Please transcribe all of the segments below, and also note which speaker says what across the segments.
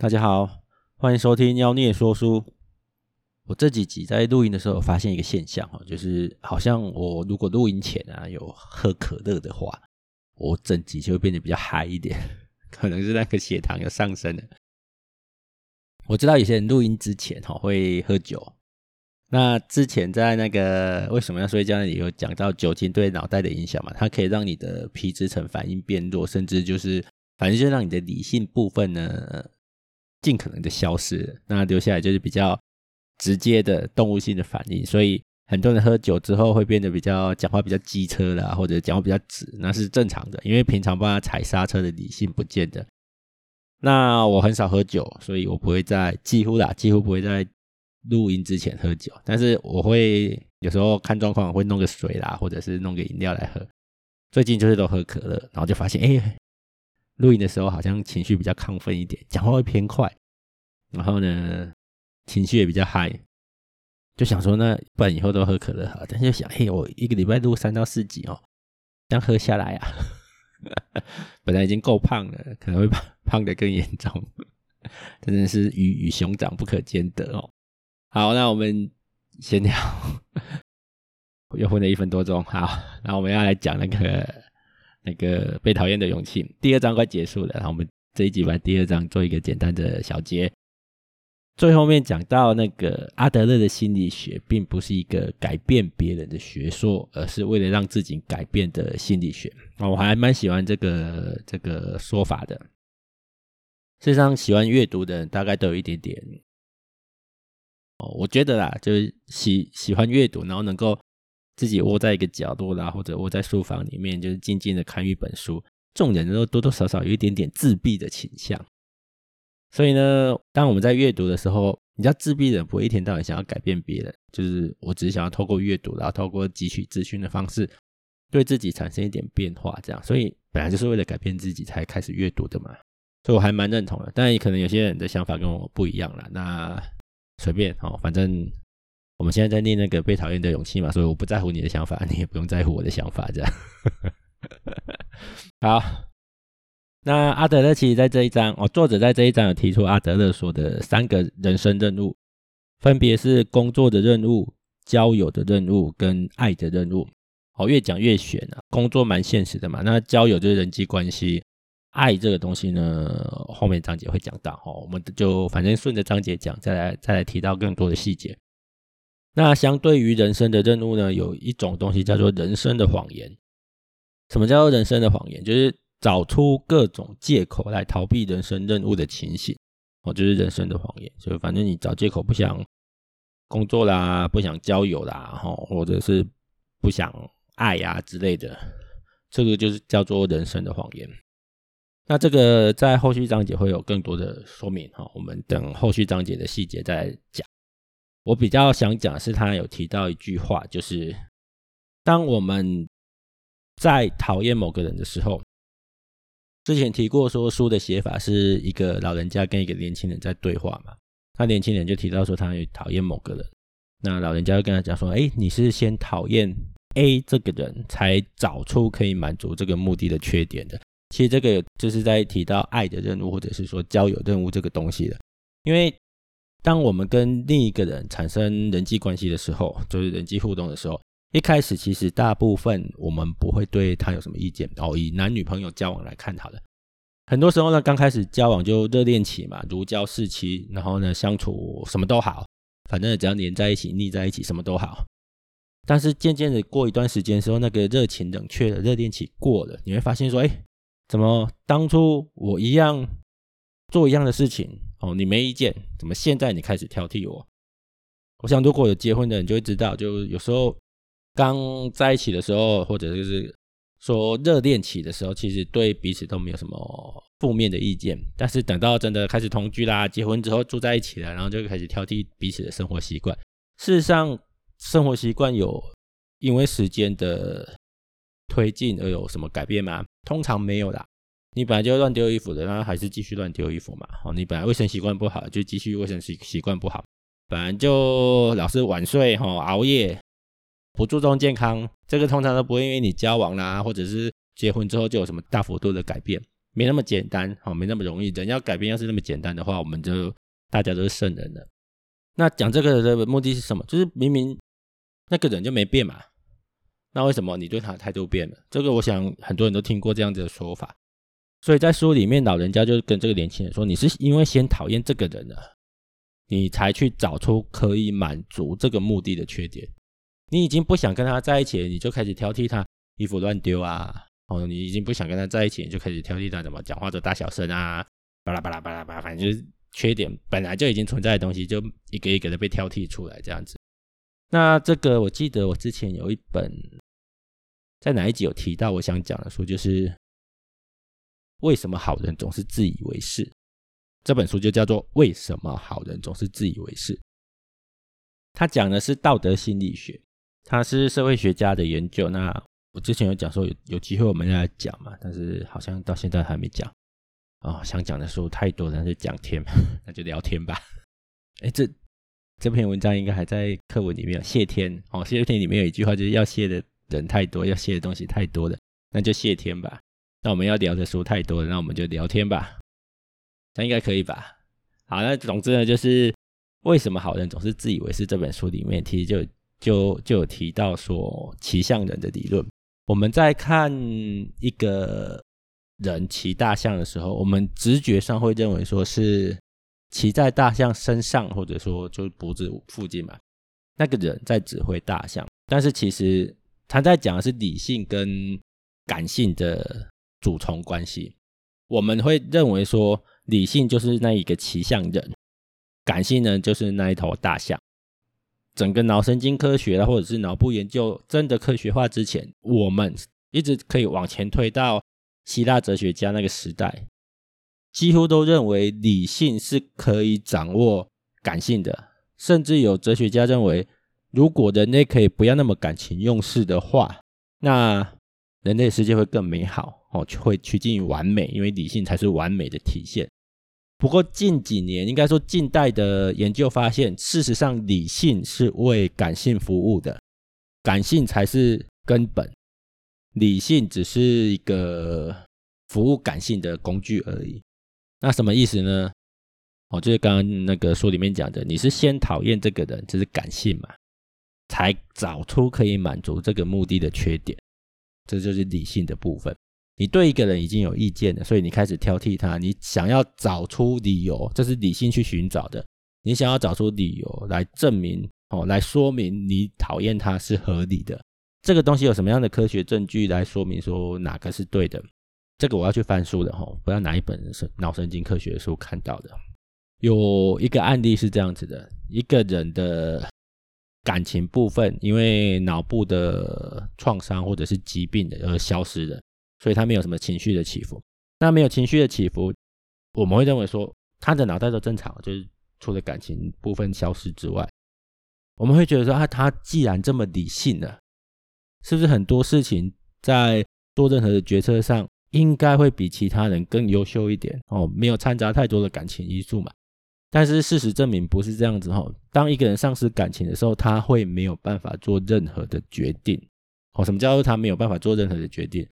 Speaker 1: 大家好，歡迎收聽妖孽說書。我這幾集在錄音的時候發現一個現象，就是好像我如果錄音前啊有喝可樂的話，我整集就會變得比較嗨一點，可能是那個血糖又上升了。我知道有些人錄音之前哈會喝酒，那之前在那個為什麼要睡覺那裡有講到酒精對腦袋的影響嘛，它可以讓你的皮質層反應變弱，甚至就是反正就讓你的理性部分呢，盡可能的消失，那留下來就是比較直接的動物性的反應。所以很多人喝酒之後會變得比較講話比較機車啦，或者講話比較直，那是正常的。因為平常幫他踩剎車的理性不見得。那我很少喝酒，所以我不會在幾乎啦，幾乎不會在錄音之前喝酒。但是我會有時候看狀況，我會弄個水啦，或者是弄個飲料來喝。最近就是都喝可樂，然後就發現，哎、欸。錄音的時候好像情緒比較亢奮一點，講話會偏快，然後呢情緒也比較嗨。就想說那不然以後都喝可樂好，但就想嘿，我一個禮拜錄三到四集哦，這樣喝下來啊， 本來已經夠胖了，可能會胖得更嚴重，真的是魚與熊掌不可兼得哦。好，那我們先聊 又混了一分多鐘，好，那我們要來講那個。那個被討厭的勇氣第二章快結束了，然後我們這一集把第二章做一個簡單的小結。最後面講到那個阿德勒的心理學，並不是一個改變別人的學說，而是為了讓自己改變的心理學。我還蠻喜歡這個這個說法的。事實上，喜歡閱讀的人大概都有一點點。哦，我覺得啦，就是喜喜歡閱讀，然後能夠。自己窩在一個角落啦、啊，或者窩在書房裡面，就是靜靜的看一本書。眾人都多多少少有一點點自閉的傾向，所以呢，當我們在閱讀的時候，你知道自閉的人不會一天到晚想要改變別人，就是我只是想要透過閱讀，然後透過汲取資訊的方式，對自己產生一點變化，這樣。所以本來就是為了改變自己才開始閱讀的嘛，所以我還蠻認同的。當然，可能有些人的想法跟我不一樣了，那隨便哦，反正。我們現在在念那個被討厭的勇氣嘛，所以我不在乎你的想法，你也不用在乎我的想法，這樣。 好，那阿德勒其實，在這一章，哦，作者在這一章有提出阿德勒說的三個人生任務，分別是工作的任務、交友的任務跟愛的任務。哦，越講越玄啊，工作蠻現實的嘛，那交友就是人際關係，愛這個東西呢，後面章節會講到哈，哦，我們就反正順着章節講，再來再來提到更多的細節。那相對於人生的任務呢，有一種東西叫做人生的謊言。什麼叫做人生的謊言？就是找出各種借口來逃避人生任務的情形，哦，就是人生的謊言。所以，反正你找借口不想工作啦，不想交友啦，吼，或者是不想愛呀啊之類的，這個就是叫做人生的謊言。那這個在後續章節會有更多的說明哈，我們等後續章節的細節再講。我比較想講的是，他有提到一句話，就是當我們在討厭某個人的時候，之前提過說書的寫法是一個老人家跟一個年輕人在對話嘛。他年輕人就提到說他討厭某個人，那老人家就跟他講說：“哎，你是先討厭 A 這個人才找出可以滿足這個目的的缺點的。”其實這個就是在提到愛的任務或者是說交友任務這個東西的，因為。當我們跟另一個人產生人際關係的時候，就是人際互動的時候，一開始其實大部分我們不會對他有什麼意見，然後以男女朋友交往來看他的。很多時候呢，剛開始交往就熱戀期嘛，如膠似漆，然後呢相處什麼都好，反正只要黏在一起、膩在一起什麼都好。但是漸漸的過一段時間之後，那個熱情冷卻了，熱戀期過了，你會發現說，哎，怎麼當初我一樣做一樣的事情？哦，你沒意見，怎麼現在你開始挑剔我？我想如果有結婚的人就會知道，就有時候剛在一起的時候，或者就是說熱戀期的時候，其實對彼此都沒有什麼負面的意見。但是等到真的開始同居啦，結婚之後住在一起了，然後就開始挑剔彼此的生活習慣。事實上，生活習慣有因為時間的推進而有什麼改變嗎？通常沒有啦。你本來就亂丟衣服的，那還是繼續亂丟衣服嘛。哦，你本來衛生習慣不好，就繼續衛生習習慣不好。本來就老是晚睡哈，熬夜，不注重健康，這個通常都不會因為你交往啦、啊，或者是結婚之後就有什麼大幅度的改變，沒那麼簡單，好，沒那麼容易。人要改變，要是那麼簡單的話，我們就大家都是聖人了。那講這個的目的是什麼？就是明明那個人就沒變嘛，那為什麼你對他的態度變了？這個我想很多人都聽過這樣子的說法。所以在書裡面，老人家就跟這個年輕人說：“你是因為先討厭這個人了，你才去找出可以滿足這個目的的缺點。你已經不想跟他在一起，你就開始挑剔他衣服亂丟啊。哦，你已經不想跟他在一起，你就開始挑剔他怎麼講話的大小聲啊，巴拉巴拉巴拉巴拉，反正就是缺點本來就已經存在的東西，就一個一個的被挑剔出來這樣子。那這個我記得我之前有一本，在哪一集有提到，我想講的書就是。”為什麼好人總是自以為是？這本書就叫做《為什麼好人總是自以為是》。他講的是道德心理學，他是社會學家的研究。那我之前有講說有有機會我們要來講嘛，但是好像到現在還沒講啊、哦。想講的書太多了，那就講天， 那就聊天吧。哎，這這篇文章應該還在課文裡面。謝天哦，謝天裡面有一句話就是要謝的人太多，要謝的東西太多了，那就謝天吧。那我們要聊的書太多了，那我們就聊天吧，那應該可以吧？好，那總之呢，就是為什麼好人總是自以為是這本書裡面，其實就就就有提到說騎象人的理論。我們在看一個人騎大象的時候，我們直覺上會認為說是騎在大象身上，或者說就是脖子附近嘛，那個人在指揮大象。但是其實他在講的是理性跟感性的。主從關係，我們會認為說，理性就是那一個騎象人，感性呢就是那一頭大象。整個腦神經科學啊，或者是腦部研究真的科學化之前，我們一直可以往前推到希臘哲學家那個時代，幾乎都認為理性是可以掌握感性的，甚至有哲學家認為，如果人類可以不要那麼感情用事的話，那人類世界會更美好。哦，就會趨近於完美，因為理性才是完美的體現。不過近幾年，應該說近代的研究發現，事實上理性是為感性服務的，感性才是根本，理性只是一個服務感性的工具而已。那什麼意思呢？哦，就是剛剛那個書裡面講的，你是先討厭這個人，這是感性嘛，才找出可以滿足這個目的的缺點，這就是理性的部分。你對一個人已經有意見了，所以你開始挑剔他。你想要找出理由，這是理性去尋找的。你想要找出理由來證明哦，來說明你討厭他是合理的。這個東西有什麼樣的科學證據來說明說哪個是對的？這個我要去翻書的哈，我要拿一本是腦神經科學書看到的。有一個案例是這樣子的：一個人的感情部分因為腦部的創傷或者是疾病的而消失的。所以他沒有什麼情緒的起伏，那沒有情緒的起伏，我們會認為說他的腦袋都正常，就是除了感情部分消失之外，我們會覺得說他、啊、他既然這麼理性了、啊，是不是很多事情在做任何的決策上應該會比其他人更優秀一點哦？沒有摻雜太多的感情因素嘛？但是事實證明不是這樣子哈、哦。當一個人喪失感情的時候，他會沒有辦法做任何的決定哦。什麼叫做他沒有辦法做任何的決定？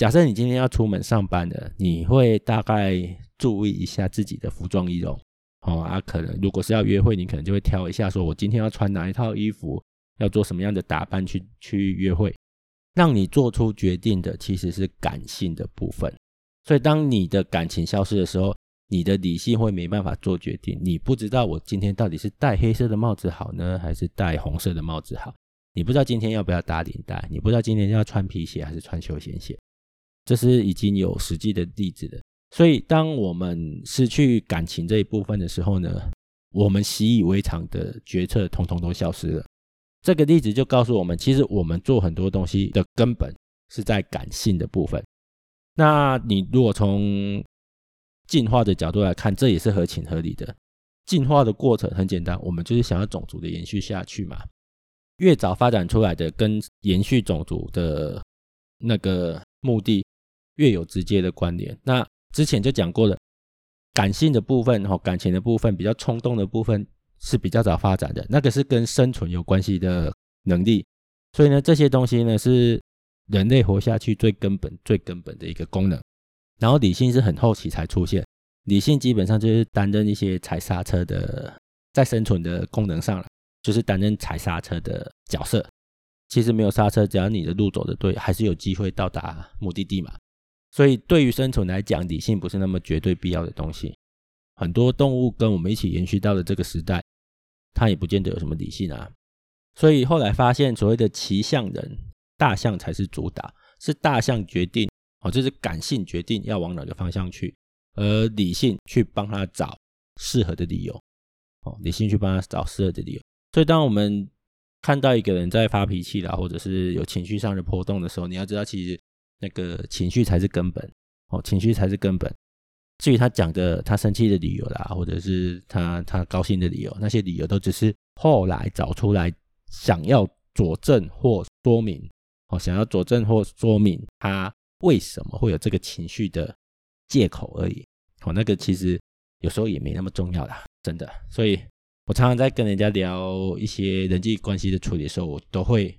Speaker 1: 假設你今天要出門上班的，你會大概注意一下自己的服裝儀容，哦啊，可能如果是要約會，你可能就會挑一下，說我今天要穿哪一套衣服，要做什麼樣的打扮去去約會。讓你做出決定的其實是感性的部分，所以當你的感情消失的時候，你的理性會沒辦法做決定。你不知道我今天到底是戴黑色的帽子好呢，還是戴紅色的帽子好？你不知道今天要不要打領帶？你不知道今天要穿皮鞋還是穿休閒鞋？這是已經有實際的例子的，所以當我們失去感情這一部分的時候呢，我們習以為常的決策統統都消失了。這個例子就告訴我們，其實我們做很多東西的根本是在感性的部分。那你如果從進化的角度來看，這也是合情合理的。進化的過程很簡單，我們就是想要種族的延續下去嘛。越早發展出來的跟延續種族的那個目的。越有直接的關聯。那之前就講過了，感性的部分，和感情的部分，比較衝動的部分是比較早發展的，那個是跟生存有關係的能力。所以呢，這些東西呢是人類活下去最根本、最根本的一個功能。然後理性是很後期才出現，理性基本上就是擔任一些踩剎車的，在生存的功能上了，就是擔任踩剎車的角色。其實沒有剎車，只要你的路走得對，還是有機會到達目的地嘛。所以，對於生存來講，理性不是那麼絕對必要的東西。很多動物跟我們一起延續到了這個時代，它也不見得有什麼理性啊。所以後來發現，所謂的騎象人，大象才是主打，是大象決定哦，就是感性決定要往哪個方向去，而理性去幫他找適合的理由。哦，理性去幫他找適合的理由。所以，當我們看到一個人在發脾氣啦，或者是有情緒上的波動的時候，你要知道，其實。那個情緒才是根本哦，情緒才是根本。至於他講的他生氣的理由啦，或者是他他高興的理由，那些理由都只是後來找出來想要佐證或說明哦，想要佐證或說明他為什麼會有這個情緒的借口而已哦。那個其實有時候也沒那麼重要啦，真的。所以我常常在跟人家聊一些人際關係的處理的時候，我都會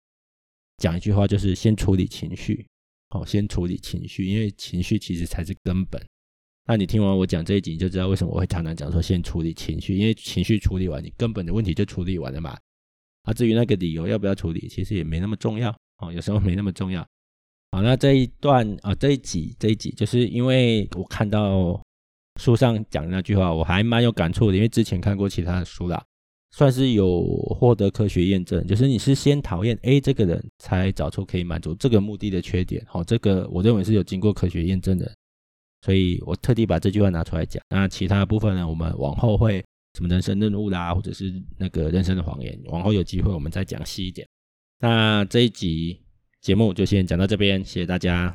Speaker 1: 講一句話，就是先處理情緒。哦，先處理情緒，因為情緒其實才是根本。那你聽完我講這一集，你就知道為什麼我會常常講說先處理情緒，因為情緒處理完，你根本的問題就處理完了嘛。啊，至於那個理由要不要處理，其實也沒那麼重要哦，有時候沒那麼重要。好，那這一段啊，哦，這一集這一集，就是因為我看到書上講的那句話，我還蠻有感觸的，因為之前看過其他的書啦。算是有獲得科學驗證，就是你是先討厭 A 這個人才找出可以滿足這個目的的缺點，好，這個我認為是有經過科學驗證的，所以我特地把這句話拿出來講。那其他部分呢，我們往後會什麼人生任務啦，或者是那個人生的謊言，往後有機會我們再講細一點。那這一集節目就先講到這邊，謝謝大家。